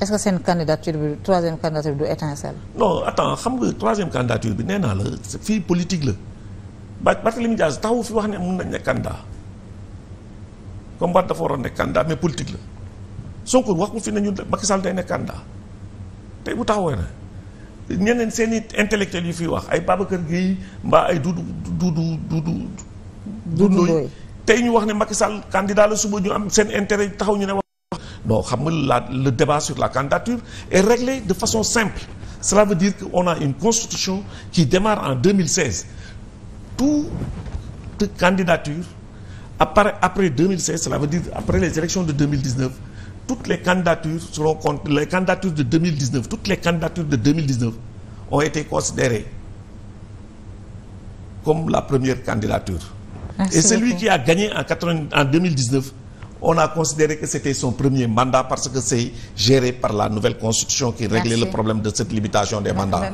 est-ce que seen candidature bi troisième candidature bi du étincelle. non attends xam nga troisième candidature bi nee naa la fii politique la Barthélémy Dias taxawu fi wax ne mun nañ ne candidat comme Barth dafa waroon ne candidat mais politique la Sonko waxul fi ne ñun Macky Sall day ne candidat tey bu taxawee na ñeneen seen i intellectuels yu fiy wax ay Babacar Gueye mbaa ay Doudou Doudou du Doudou Ndoye tey ñu wax ne Macky Sall candidat la suba ñu am seen intérêt taxaw ñu ne. non xam nga le la candidature est réglé de façon simple cela veut dire qu'on une constitution qui démarre en 2016 toute candidature après après 2016 cela veut dire après les élections de 2019 toutes les candidatures seront compte les candidatures de 2019 toutes les candidatures de 2019 ont été considérées comme la première candidature Merci et celui beaucoup. qui a gagné en 80, en 2019 on a considéré que c'était son premier mandat parce que c'est géré par la nouvelle constitution qui réglait Merci. le problème de cette limitation des mandats.